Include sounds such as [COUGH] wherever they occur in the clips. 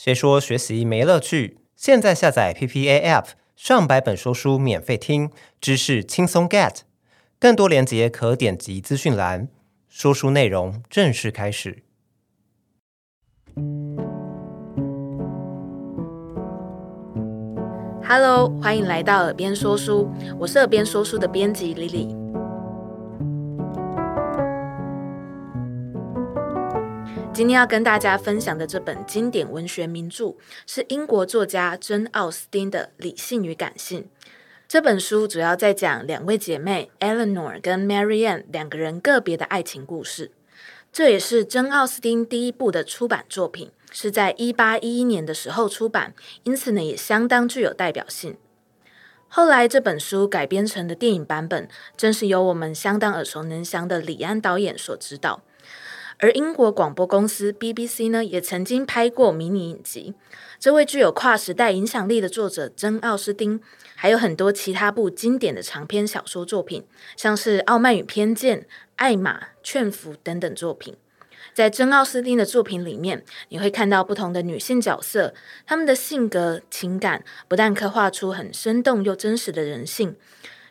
誰說學習沒樂趣？現在下載 PPA App，上百本說書免費聽，知識輕鬆 get。更多連接可點擊資訊欄。說書內容正式開始。Hello，歡迎來到耳邊說書，我是耳邊說書的編輯 Lily。今天要跟大家分享的這本經典文學名著是英國作家珍奧斯汀的《理性與感性》。這本書主要在講兩位姐妹 Elinor 跟 Marianne 兩個人個別的愛情故事。這也是珍奧斯汀第一部的出版作品，是在一八一一年的時候出版，因此呢也相當具有代表性。後來這本書改編成的電影版本，正是由我們相當耳熟能詳的李安導演所執導。而英國廣播公司 BBC 呢，也曾經拍過迷你影集。這位具有跨時代影響力的作者珍·奧斯汀，還有很多其他部經典的長篇小說作品，像是《傲慢與偏見》《愛瑪》《勸服》等等作品。在珍·奧斯汀的作品裡面，你會看到不同的女性角色，她們的性格、情感，不但刻畫出很生動又真實的人性。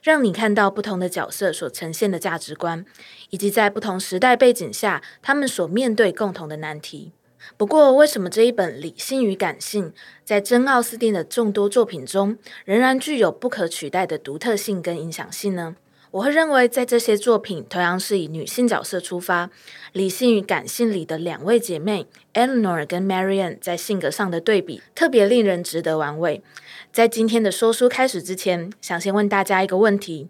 讓你看到不同的角色所呈現的價值觀，以及在不同時代背景下他們所面對共同的難題。不過，為什麼這一本《理性與感性》在珍・奧斯汀的眾多作品中，仍然具有不可取代的獨特性跟影響性呢？我會認為，在這些作品，同樣是以女性角色出發，理性與感性裡的兩位姐妹 Elinor 跟 Marianne 在性格上的對比，特別令人值得玩味。在今天的說書開始之前，想先問大家一個問題：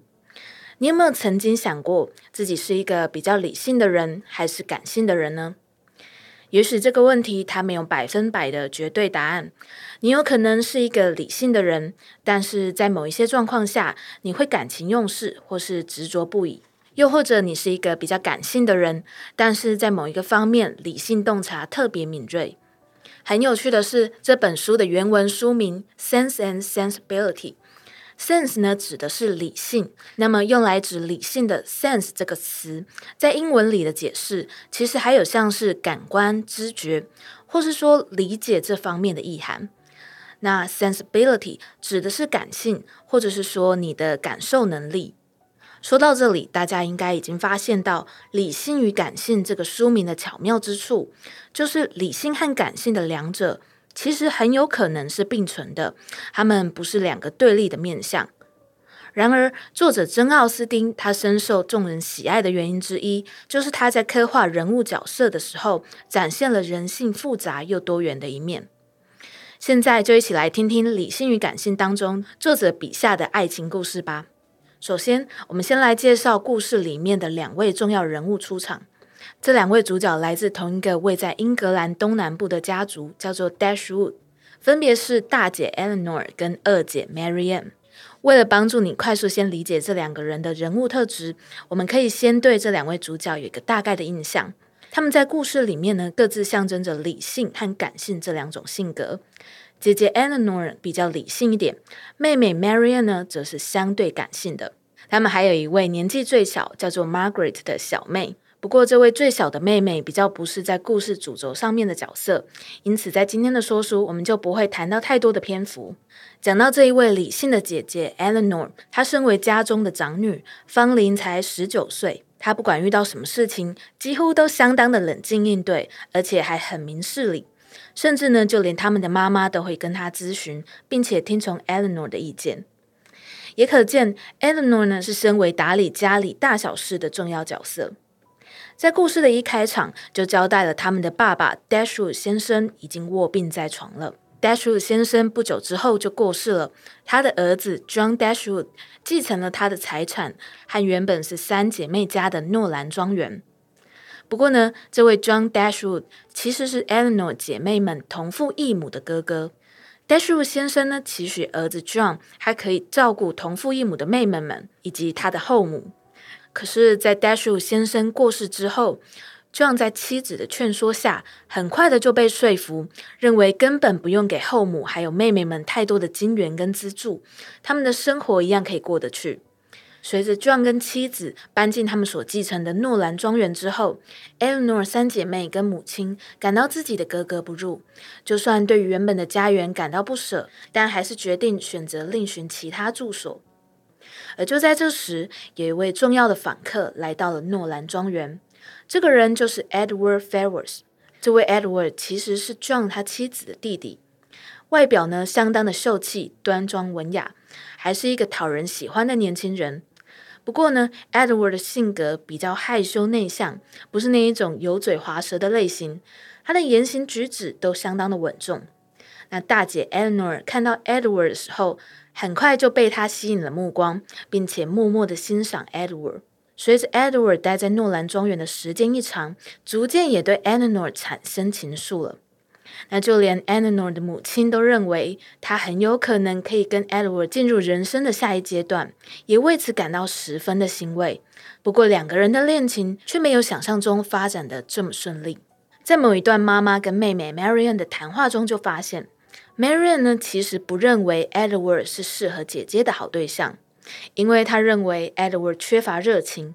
你有沒有曾經想過自己是一個比較理性的人，還是感性的人呢？也許這個問題它沒有百分百的絕對答案。你有可能是一個理性的人，但是在某一些狀況下，你會感情用事或是執着不已；又或者你是一個比較感性的人，但是在某一個方面，理性洞察特別敏銳。很有趣的是，這本書的原文書名《Sense and Sensibility》。Sense 呢，指的是理性。那麼用來指理性的 sense 這個詞，在英文裡的解釋，其實還有像是感官知覺，或是說理解這方面的意涵。那 sensibility 指的是感性，或者是說你的感受能力。說到這裡，大家應該已經發現到理性與感性這個書名的巧妙之處，就是理性和感性的兩者。其實很有可能是並存的，他們不是兩個對立的面相。然而，作者珍・奧斯汀，他深受眾人喜愛的原因之一，就是他在刻畫人物角色的時候，展現了人性複雜又多元的一面。現在就一起來聽聽《理性與感性》當中作者筆下的愛情故事吧。首先，我們先來介紹故事裡面的兩位重要人物出場。這兩位主角來自同一個位在英格蘭東南部的家族，叫做 Dashwood，分別是大姐 Elinor 跟二姐 Marianne。為了幫助你快速先理解這兩個人的人物特質，我們可以先對這兩位主角有一個大概的印象。他們在故事裡面呢，各自象徵着理性和感性這兩種性格。姐姐 Elinor 比較理性一點，妹妹 Marianne 呢則是相對感性的。他們還有一位年紀最小，叫做 Margaret 的小妹。不過，這位最小的妹妹比較不是在故事主軸上面的角色，因此在今天的說書，我們就不會談到太多的篇幅。講到這一位理性的姐姐 Elinor，她身為家中的長女，芳齡才十九歲，她不管遇到什麼事情，幾乎都相當的冷靜應對，而且還很明事理，甚至呢，就連他們的媽媽都會跟她諮詢，並且聽從 Elinor 的意見，也可見 Elinor 呢是身為打理家裡大小事的重要角色。在故事的一開場，就交代了他們的爸爸 Dashwood 先生已經臥病在床了。Dashwood 先生不久之後就過世了，他的兒子 John Dashwood 繼承了他的財產和原本是三姐妹家的諾蘭莊園。不過呢，這位 John Dashwood 其實是 Eleanor 姐妹們同父異母的哥哥。Dashwood 先生呢，期許兒子 John 還可以照顧同父異母的妹妹們以及他的後母。可是，在 Dashwood 先生過世之後，John 在妻子的勸說下，很快的就被說服，認為根本不用給後母還有妹妹們太多的金援跟資助，他們的生活一樣可以過得去。隨着 John 跟妻子搬進他們所繼承的諾蘭莊園之後，Elinor 三姐妹跟母親感到自己的格格不入，就算對於原本的家園感到不捨，但還是決定選擇另尋其他住所。而就在這時，有一位重要的訪客來到了諾蘭莊園。這個人就是 Edward Ferrars。這位 Edward 其實是 John 他妻子的弟弟，外表呢相當的秀氣、端莊、文雅，還是一個討人喜歡的年輕人。不過呢，Edward 的性格比較害羞內向，不是那一種油嘴滑舌的類型，他的言行舉止都相當的穩重。那大姐 Elinor 看到 Edward 的時候，很快就被他吸引了目光，並且默默的欣賞 Edward。隨着 Edward 待在諾蘭莊園的時間一長，逐漸也對 Elinor 產生情愫了。那就連 Elinor 的母親都認為他很有可能可以跟 Edward 進入人生的下一階段，也為此感到十分的欣慰。不過，兩個人的戀情卻沒有想象中發展的這麼順利。在某一段媽媽跟妹妹 Marianne 的談話中就發現。Marianne 呢，其實不認為 Edward 是適合姐姐的好對象，因為他認為 Edward 缺乏熱情，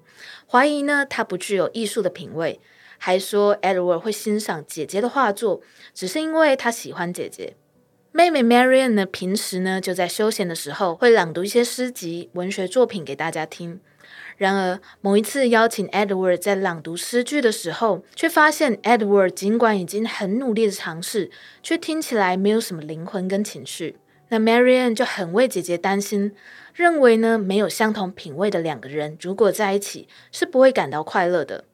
懷疑呢他不具有藝術的品味，還說 Edward 會欣賞姐姐的畫作，只是因為他喜歡姐姐。妹妹 Marianne 呢，平時呢就在休閒的時候會朗讀一些詩集、文學作品給大家聽。然而，某一次邀請 Edward 在朗讀詩句的時候，却發現 Edward 儘管已經很努力的嘗試，卻聽起來沒有什麼靈魂跟情緒。那 Marianne 就很為姐姐擔心，認為呢，沒有相同品味的兩個人，如果在一起，是不會感到快樂的。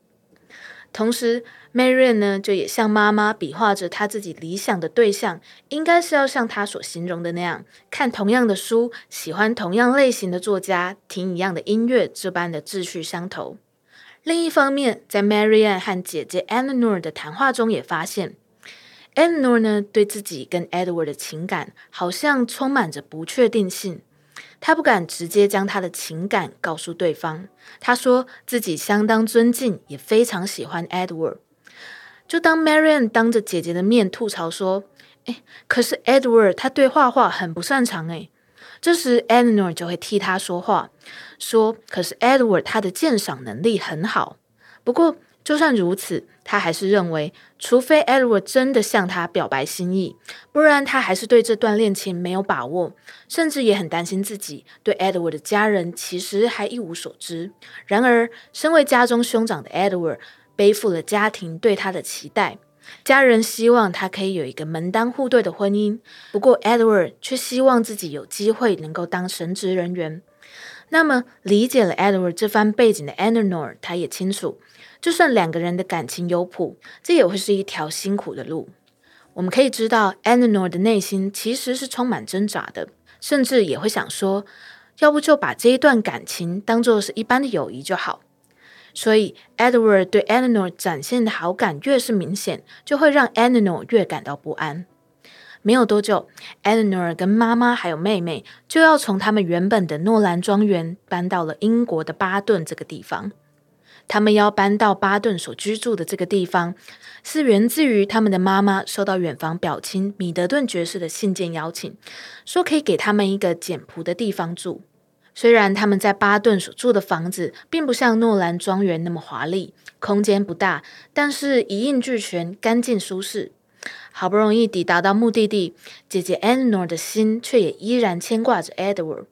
同時 Marianne 呢，就也向媽媽比劃着她自己理想的對象，應該是要像她所形容的那樣，看同樣的書，喜歡同樣類型的作家，聽一樣的音樂，這般的志趣相投。另一方面，在 Marianne 和姐姐 Elinor 的談話中，也發現 Elinor 呢，對自己跟 Edward 的情感好像充滿着不確定性。他不敢直接將他的情感告訴對方。他說自己相當尊敬，也非常喜歡 Edward。就當 Marianne 當着姐姐的面吐槽說：“哎，可是 Edward 他對畫畫很不擅長誒。”這時 Elinor 就會替他說話，說：“可是 Edward 他的鑑賞能力很好。”不過。就算如此，他還是認為，除非 Edward 真的向他表白心意，不然他還是對這段戀情沒有把握，甚至也很擔心自己對 Edward 的家人其實還一無所知。然而，身為家中兄長的 Edward，背負了家庭對他的期待，家人希望他可以有一個門當戶對的婚姻。不過，Edward 卻希望自己有機會能夠當神職人員。那麼，理解了 Edward 這番背景的 Elinor，他也清楚。就算兩個人的感情有譜，這也會是一條辛苦的路。我們可以知道，Elinor 的內心其實是充滿掙扎的，甚至也會想說，要不就把這一段感情當作是一般的友誼就好。所以，Edward 對 Elinor 展現的好感越是明顯，就會讓 Elinor 越感到不安。沒有多久，Elinor 跟媽媽還有妹妹就要從他們原本的諾蘭莊園搬到了英國的巴頓這個地方。他們要搬到巴頓所居住的這個地方，是源自於他們的媽媽收到遠房表親米德頓爵士的信件邀請，說可以給他們一個簡樸的地方住。雖然他們在巴頓所住的房子並不像諾蘭莊園那麼華麗，空間不大，但是一應俱全，乾淨舒適。好不容易抵達到目的地，姐姐 Elinor 的心卻也依然牽掛着 Edward。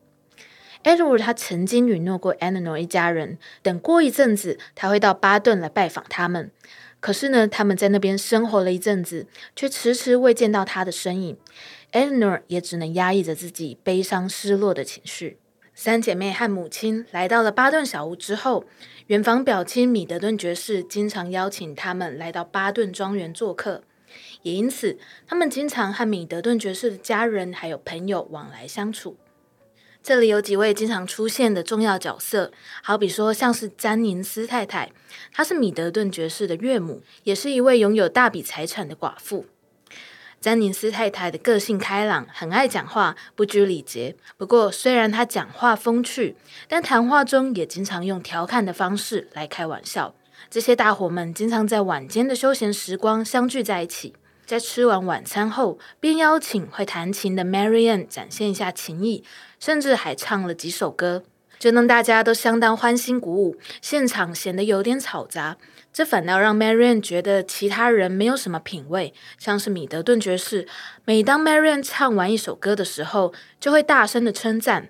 Edward，他曾經允諾過 Elinor 一家人，等過一陣子，他會到巴頓來拜訪他們。可是呢，他們在那邊生活了一陣子，卻遲遲未見到他的身影。Elinor 也只能壓抑着自己悲傷失落的情緒。三姐妹和母親來到了巴頓小屋之後，遠房表親米德頓爵士經常邀請他們來到巴頓莊園做客，也因此，他們經常和米德頓爵士的家人還有朋友往來相處。這裡有幾位經常出現的重要角色，好比說像是詹寧斯太太，她是米德頓爵士的岳母，也是一位擁有大筆財產的寡婦。詹寧斯太太的個性開朗，很愛講話，不拘禮節。不過，雖然她講話風趣，但談話中也經常用調侃的方式來開玩笑。這些大夥們經常在晚間的休閒時光相聚在一起。在吃完晚餐後，便邀請會彈琴的 Marianne 展現一下琴藝，甚至還唱了幾首歌，這讓大家都相當歡欣鼓舞。現場顯得有點嘈雜，這反倒讓 Marianne 覺得其他人沒有什麼品味，像是米德頓爵士。每當 Marianne 唱完一首歌的時候，就會大聲的稱讚，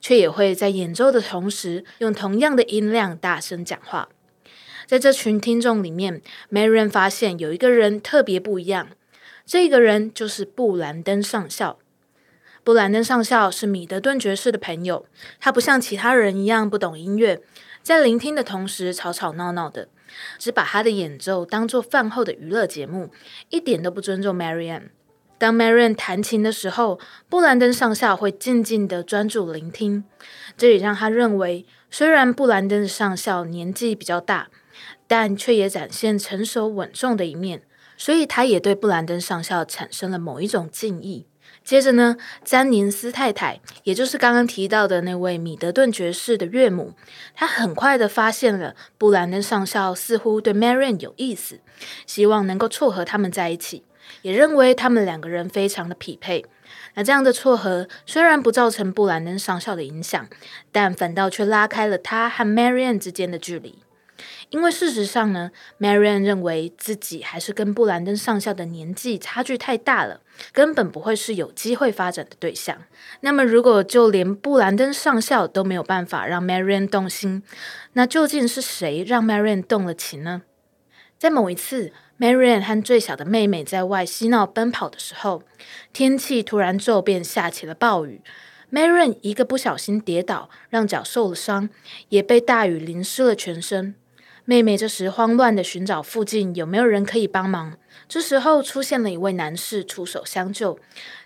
卻也會在演奏的同時用同樣的音量大聲講話。在這群聽眾裡面，Marianne 發現有一個人特別不一樣。這個人就是布蘭登上校。布蘭登上校是米德頓爵士的朋友。他不像其他人一樣不懂音樂，在聆聽的同時吵吵鬧鬧的，只把他的演奏當做飯後的娛樂節目，一點都不尊重 Marianne。當 Marianne 彈琴的時候，布蘭登上校會靜靜地專注聆聽。這也讓他認為，雖然布蘭登上校年紀比較大，但卻也展現成熟穩重的一面。所以，他也對布蘭登上校產生了某一種敬意。接着呢，詹寧斯太太，也就是剛剛提到的那位米德頓爵士的岳母，她很快的發現了布蘭登上校似乎對 Marianne 有意思，希望能夠撮合他們在一起，也認為他們兩個人非常的匹配。那這樣的撮合雖然不造成布蘭登上校的影響，但反倒卻拉開了他和 Marianne 之間的距離。因為事實上呢，Marianne 認為自己還是跟布蘭登上校的年紀差距太大了，根本不會是有機會發展的對象。那麼，如果就連布蘭登上校都沒有辦法讓 Marianne 動心，那究竟是誰讓 Marianne 動了情呢？在某一次，Marianne 和最小的妹妹在外嬉鬧奔跑的時候，天氣突然驟變，下起了暴雨。Marianne 一個不小心跌倒，讓腳受了傷，也被大雨淋濕了全身。妹妹這時慌亂地尋找附近有沒有人可以幫忙，這時候出現了一位男士出手相救，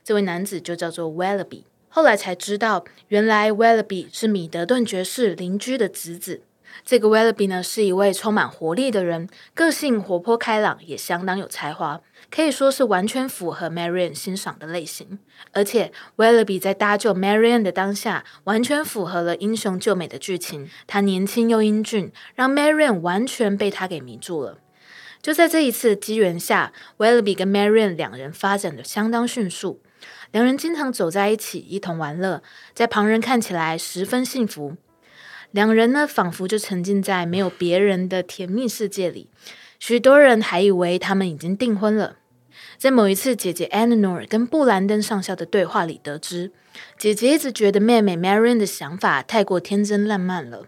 這位男子就叫做 Willoughby。後來才知道原來 Willoughby 是米德頓爵士鄰居的侄子。這個 Willoughby 呢，是一位充滿活力的人，個性活潑開朗，也相當有才華。可以說是完全符合 Marianne 欣賞的類型，而且 Willoughby 在搭救 Marianne 的當下，完全符合了英雄救美的劇情。他年輕又英俊，讓 Marianne 完全被他給迷住了。就在這一次機緣下，Willoughby 跟 Marianne 兩人發展的相當迅速，兩人經常走在一起，一同玩樂，在旁人看起來十分幸福。兩人呢，仿佛就沉浸在沒有別人的甜蜜世界裡。許多人還以為他們已經訂婚了。在某一次姐姐 Elinor 跟布蘭登上校的對話裡得知，姐姐一直覺得妹妹 Marianne 的想法太過天真爛漫了。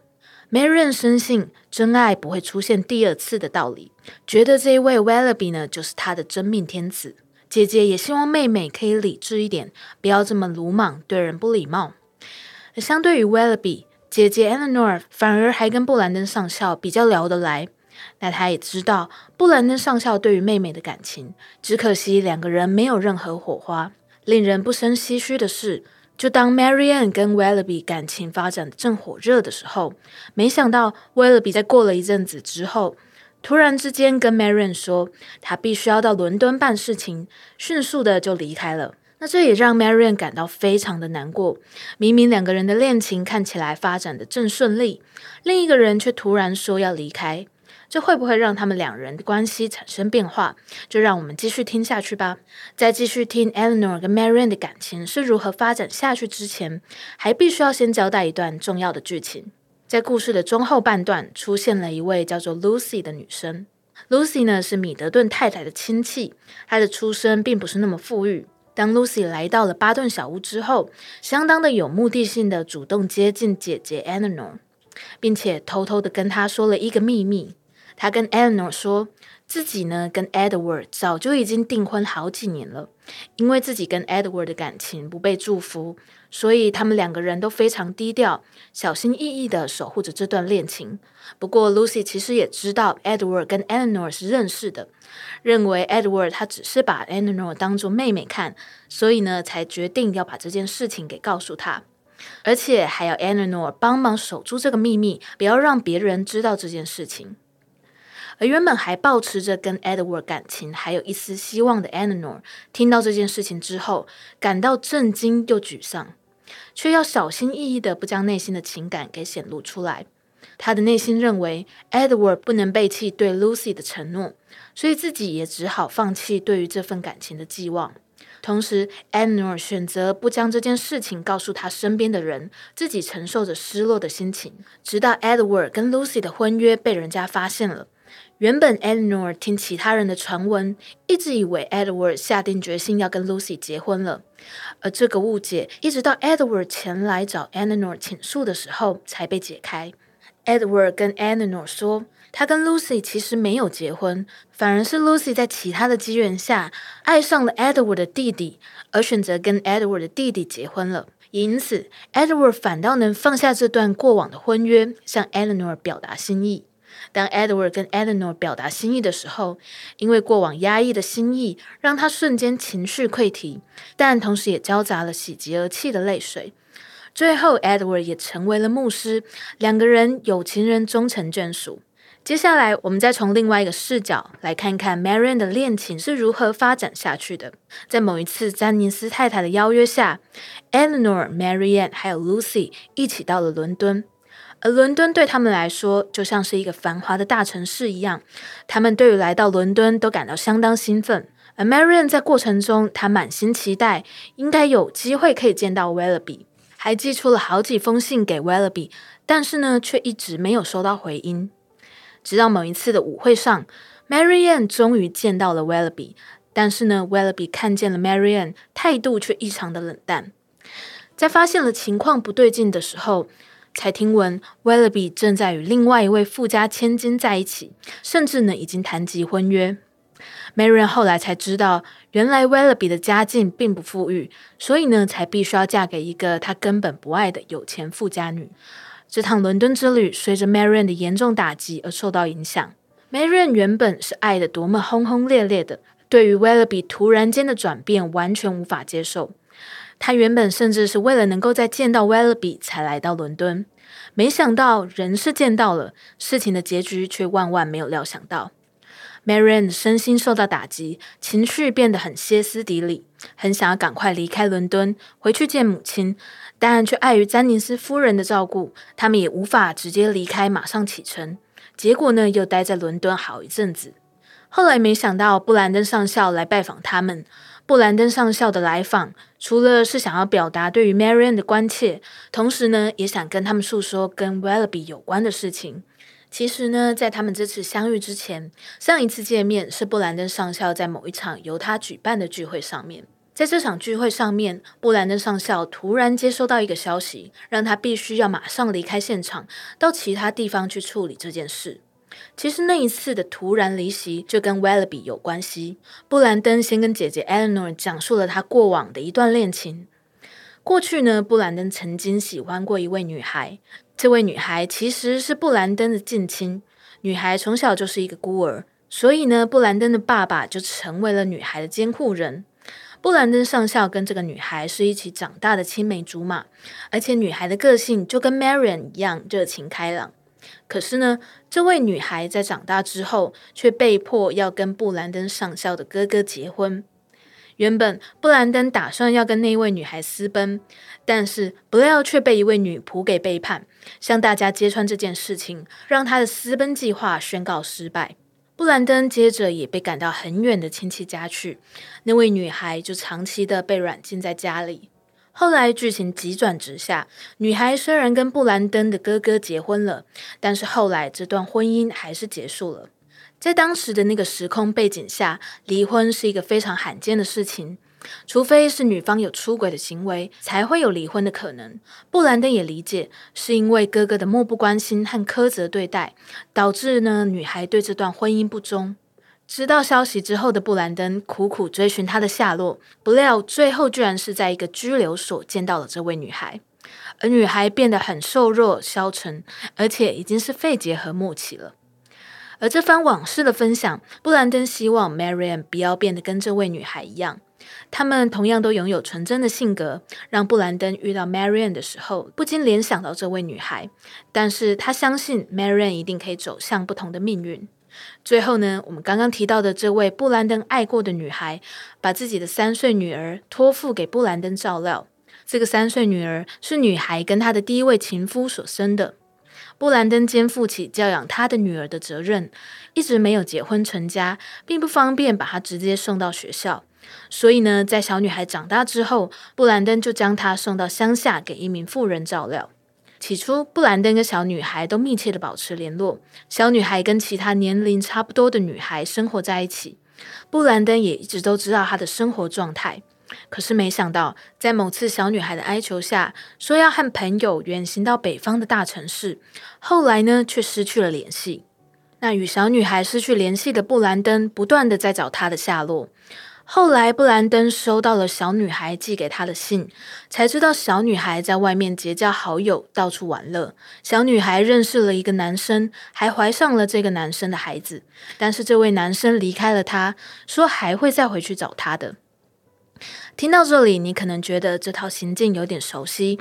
Marianne 深信真愛不會出現第二次的道理，覺得這一位 Willoughby 呢，就是她的真命天子。姐姐也希望妹妹可以理智一點，不要這麼魯莽，對人不禮貌。相對於 Willoughby，姐姐 Elinor 反而還跟布蘭登上校比較聊得來。那他也知道布蘭登上校對於妹妹的感情，只可惜兩個人沒有任何火花。令人不生唏噓的是，就當 m a r 瑪 n n 跟 w 威 b 比感情發展正火熱的時候，沒想到 w 威 b 比在過了一陣子之後，突然之間跟 m a r 瑪 n n 說他必須要到倫敦辦事情，迅速的就離開了。那這也讓 m a r 瑪 n n 感到非常的難過。明明兩個人的戀情看起來發展的正順利，另一個人卻突然說要離開。這會不會讓他們兩人的關係產生變化？就讓我們繼續聽下去吧。在繼續聽 Elinor 跟 Marianne 的感情是如何發展下去之前，還必須要先交代一段重要的劇情。在故事的中後半段，出現了一位叫做 Lucy 的女生。Lucy 呢，是米德頓太太的親戚，她的出身並不是那麼富裕。當 Lucy 來到了巴頓小屋之後，相當的有目的性的主動接近姐姐 Elinor，並且偷偷的跟她說了一個秘密。他跟 Elinor 說，自己呢跟 Edward 早就已經訂婚好幾年了，因為自己跟 Edward 的感情不被祝福，所以他們兩個人都非常低調，小心翼翼地守護着這段戀情。不過 Lucy 其實也知道 Edward 跟 Elinor 是認識的，認為 Edward 他只是把 Elinor 當做妹妹看，所以呢才決定要把這件事情給告訴他，而且還要 Elinor 幫忙守住這個秘密，不要讓別人知道這件事情。而原本還保持着跟 Edward 感情還有一絲希望的 Elinor 聽到這件事情之後，感到震驚又沮喪，卻要小心翼翼的不將內心的情感給顯露出來。他的內心認為 Edward 不能背棄對 Lucy 的承諾，所以自己也只好放棄對於這份感情的寄望。同時 Elinor 選擇不將這件事情告訴他身邊的人，自己承受着失落的心情。直到 Edward 跟 Lucy 的婚約被人家發現了。原本 Elinor 聽其他人的傳聞，一直以為 Edward 下定決心要跟 Lucy 結婚了，而這個誤解一直到 Edward 前來找 Elinor 傾訴的時候才被解開。Edward 跟 Elinor 說，他跟 Lucy 其實沒有結婚，反而是 Lucy 在其他的機緣下愛上了 Edward 的弟弟，而選擇跟 Edward 的弟弟結婚了。因此，Edward 反倒能放下這段過往的婚約，向 Elinor 表達心意。當 Edward 跟 Eleanor 表達心意的時候，因為過往壓抑的心意，讓他瞬間情緒潰堤，但同時也交雜了喜極而泣的淚水。最後，Edward 也成為了牧師，兩個人有情人終成眷屬。接下來，我們再從另外一個視角來看看 m a r i a n 的戀情是如何發展下去的。在某一次詹尼斯太太的邀約下，Eleanor、m a r i a n 還有 Lucy 一起到了倫敦。而倫敦對他們來說就像是一個繁華的大城市一樣，他們對於來到倫敦都感到相當興奮。而 Marianne 在過程中，她滿心期待應該有機會可以見到 Willoughby，還寄出了好幾封信給 Willoughby，但是呢，卻一直沒有收到回音。直到某一次的舞會上，Marianne 終於見到了 Willoughby，但是呢，Willoughby 看見了 Marianne，態度卻異常的冷淡。在發現了情況不對勁的時候，才聽聞 Willoughby 正在與另外一位富家千金在一起，甚至呢已經談及婚約。Marianne 後來才知道，原來 Willoughby 的家境並不富裕，所以呢才必須要嫁給一個她根本不愛的有錢富家女。這趟倫敦之旅隨着 Marianne 的嚴重打擊而受到影響。Marianne 原本是愛得多麼轟轟烈烈的，對於 Willoughby 突然間的轉變完全無法接受。他原本甚至是為了能夠再見到威爾 l y 才來到倫敦，沒想到人是見到了，事情的結局卻萬萬沒有料想到。Marion 身心受到打擊，情緒變得很歇斯底里，很想要趕快離開倫敦，回去見母親，但卻礙於詹尼斯夫人的照顧，他們也無法直接離開，馬上啟程。結果呢，又待在倫敦好一陣子。後來沒想到布蘭登上校來拜訪他們。布蘭登上校的來訪，除了是想要表達對於 Marianne 的關切，同時呢，也想跟他們訴說跟 Willoughby 有關的事情。其實呢，在他們這次相遇之前，上一次見面是布蘭登上校在某一場由他舉辦的聚會上面。在這場聚會上面，布蘭登上校突然接收到一個消息，讓他必須要馬上離開現場，到其他地方去處理這件事。其實那一次的突然離席就跟 Willoughby 有關係。布蘭登先跟姐姐 Elinor 講述了他過往的一段戀情。過去呢，布蘭登曾經喜歡過一位女孩，這位女孩其實是布蘭登的近親。女孩從小就是一個孤兒，所以呢，布蘭登的爸爸就成為了女孩的監護人。布蘭登上校跟這個女孩是一起長大的青梅竹馬，而且女孩的個性就跟 Marianne 一樣熱情開朗。可是呢，這位女孩在長大之後，卻被迫要跟布蘭登上校的哥哥結婚。原本布蘭登打算要跟那位女孩私奔，但是不料卻被一位女僕給背叛，向大家揭穿這件事情，讓他的私奔計劃宣告失敗。布蘭登接着也被趕到很遠的親戚家去，那位女孩就長期的被軟禁在家裡。後來劇情急轉直下，女孩雖然跟布蘭登的哥哥結婚了，但是後來這段婚姻還是結束了。在當時的那個時空背景下，離婚是一個非常罕見的事情，除非是女方有出軌的行為，才會有離婚的可能。布蘭登也理解，是因為哥哥的漠不關心和苛責對待，導致呢，女孩對這段婚姻不忠。知道消息之後的布蘭登苦苦追尋她的下落，不料最後居然是在一個拘留所見到了這位女孩，而女孩變得很瘦弱消沉，而且已經是肺結核末期了。而這番往事的分享，布蘭登希望 Marianne 不要變得跟這位女孩一樣，他們同樣都擁有純真的性格，讓布蘭登遇到 Marianne 的時候不禁聯想到這位女孩，但是他相信 Marianne 一定可以走向不同的命運。最後呢，我們剛剛提到的這位布蘭登愛過的女孩，把自己的三歲女兒托付給布蘭登照料。這個三歲女兒是女孩跟她的第一位情夫所生的。布蘭登肩負起教養他的女兒的責任，一直沒有結婚成家，並不方便把她直接送到學校。所以呢，在小女孩長大之後，布蘭登就將她送到鄉下給一名婦人照料。起初，布蘭登跟小女孩都密切的保持聯絡。小女孩跟其他年齡差不多的女孩生活在一起，布蘭登也一直都知道她的生活狀態。可是，沒想到在某次小女孩的哀求下，說要和朋友遠行到北方的大城市，後來呢，卻失去了聯繫。那與小女孩失去聯繫的布蘭登，不斷的在找她的下落。後來，布蘭登收到了小女孩寄給他的信，才知道小女孩在外面結交好友，到處玩樂。小女孩認識了一個男生，還懷上了這個男生的孩子，但是這位男生離開了他，他說還會再回去找她的。聽到這裡，你可能覺得這套行徑有點熟悉。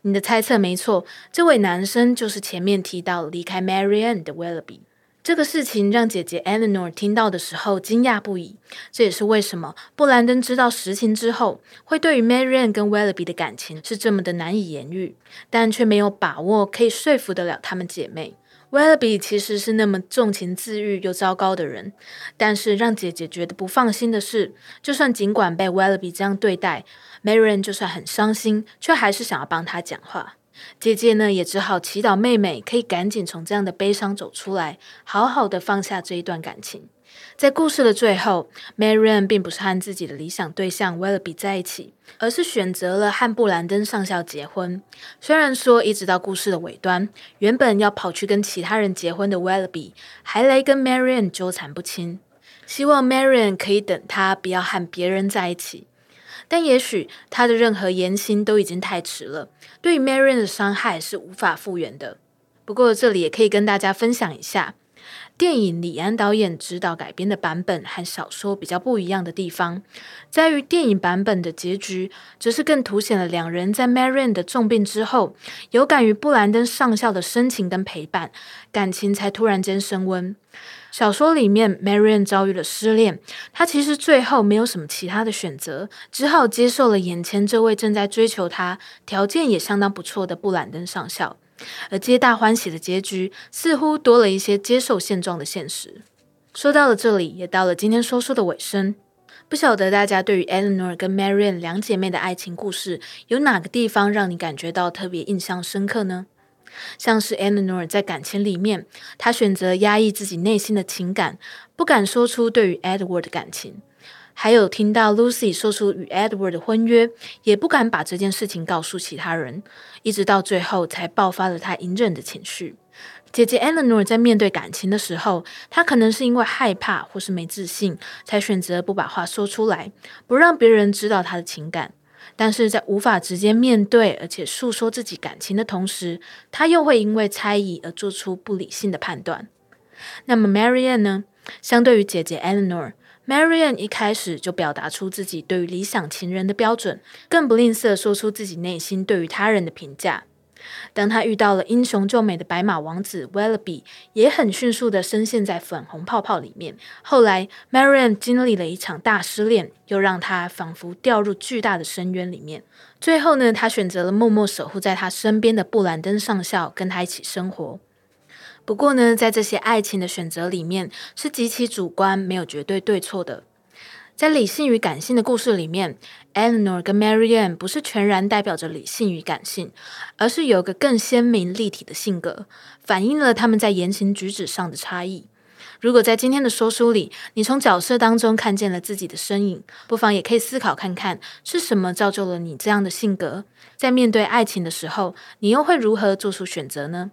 你的猜測沒錯，這位男生就是前面提到離開 Marianne 的 Willoughby。這個事情讓姐姐 Elinor 聽到的時候驚訝不已，這也是為什麼布蘭登知道實情之後，會對於 Marianne 跟 Willoughby 的感情是這麼的難以言喻，但卻沒有把握可以說服得了她們姐妹。Willoughby 其實是那麼重情自愈又糟糕的人，但是讓姐姐覺得不放心的是，就算儘管被 Willoughby 這樣對待 [LAUGHS] Marianne 就算很傷心，卻還是想要幫她講話。姐姐呢，也只好祈禱妹妹可以趕緊從這樣的悲傷走出來，好好的放下這一段感情。在故事的最後，Marianne 並不是和自己的理想對象 Willoughby 在一起，而是選擇了和布蘭登上校結婚。雖然說，一直到故事的尾端，原本要跑去跟其他人結婚的 Willoughby 還來跟 Marianne 糾纏不清，希望 Marianne 可以等他，不要和別人在一起。但也許他的任何言行都已經太遲了，對 Marianne 的傷害是無法復原的。不過這裡也可以跟大家分享一下，電影李安導演指導改編的版本和小說比較不一樣的地方，在於電影版本的結局則是更凸顯了兩人在 Marianne 的重病之後，有感於布蘭登上校的深情跟陪伴，感情才突然間升溫。小說裡面 Marianne 遭遇了失戀，她其實最後沒有什麼其他的選擇，只好接受了眼前這位正在追求她、條件也相當不錯的布蘭登上校，而皆大歡喜的結局似乎多了一些接受現狀的現實。說到了這裡，也到了今天說書的尾聲。不曉得大家對於 Elinor 跟 Marianne 兩姐妹的愛情故事，有哪個地方讓你感覺到特別印象深刻呢？像是 Elinor 在感情裡面，她選擇壓抑自己內心的情感，不敢說出對於 Edward 的感情。還有聽到 Lucy 說出與 Edward 的婚約，也不敢把這件事情告訴其他人，一直到最後才爆發了她隱忍的情緒。姐姐 Elinor 在面對感情的時候，她可能是因為害怕或是沒自信，才選擇不把話說出來，不讓別人知道她的情感。但是在無法直接面對而且訴說自己感情的同時，他又會因為猜疑而做出不理性的判斷。那麼，Marianne 呢？相對於姐姐 Elinor，Marianne 一開始就表達出自己對於理想情人的標準，更不吝嗇說出自己內心對於他人的評價。當她遇到了英雄救美的白馬王子 Willoughby 也很迅速地深陷,陷在粉紅泡泡裡面。後來，Marianne 經歷了一場大失戀，又讓她仿佛掉入巨大的深淵裡面。最後呢，她選擇了默默守護在她身邊的布蘭登上校，跟他一起生活。不過呢，在這些愛情的選擇裡面，是極其主觀，沒有絕對對錯的。在理性與感性的故事裡面，Elinor 跟 Marianne 不是全然代表着理性與感性，而是有個更鮮明立體的性格，反映了他們在言行舉止上的差異。如果在今天的說書裡，你從角色當中看見了自己的身影，不妨也可以思考看看，是什麼造就了你這樣的性格？在面對愛情的時候，你又會如何做出選擇呢？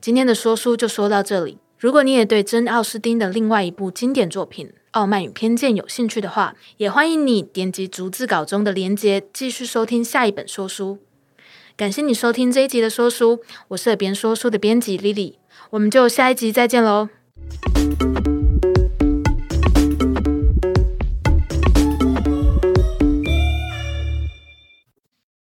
今天的說書就說到這裡。如果你也對珍·奧斯汀的另外一部經典作品，傲慢與偏見，有興趣的話，也歡迎你點擊逐字稿中的連接，繼續收聽下一本說書。感謝你收聽這一集的說書，我是耳邊說書的編輯 Lily，我們就下一集再見嘍。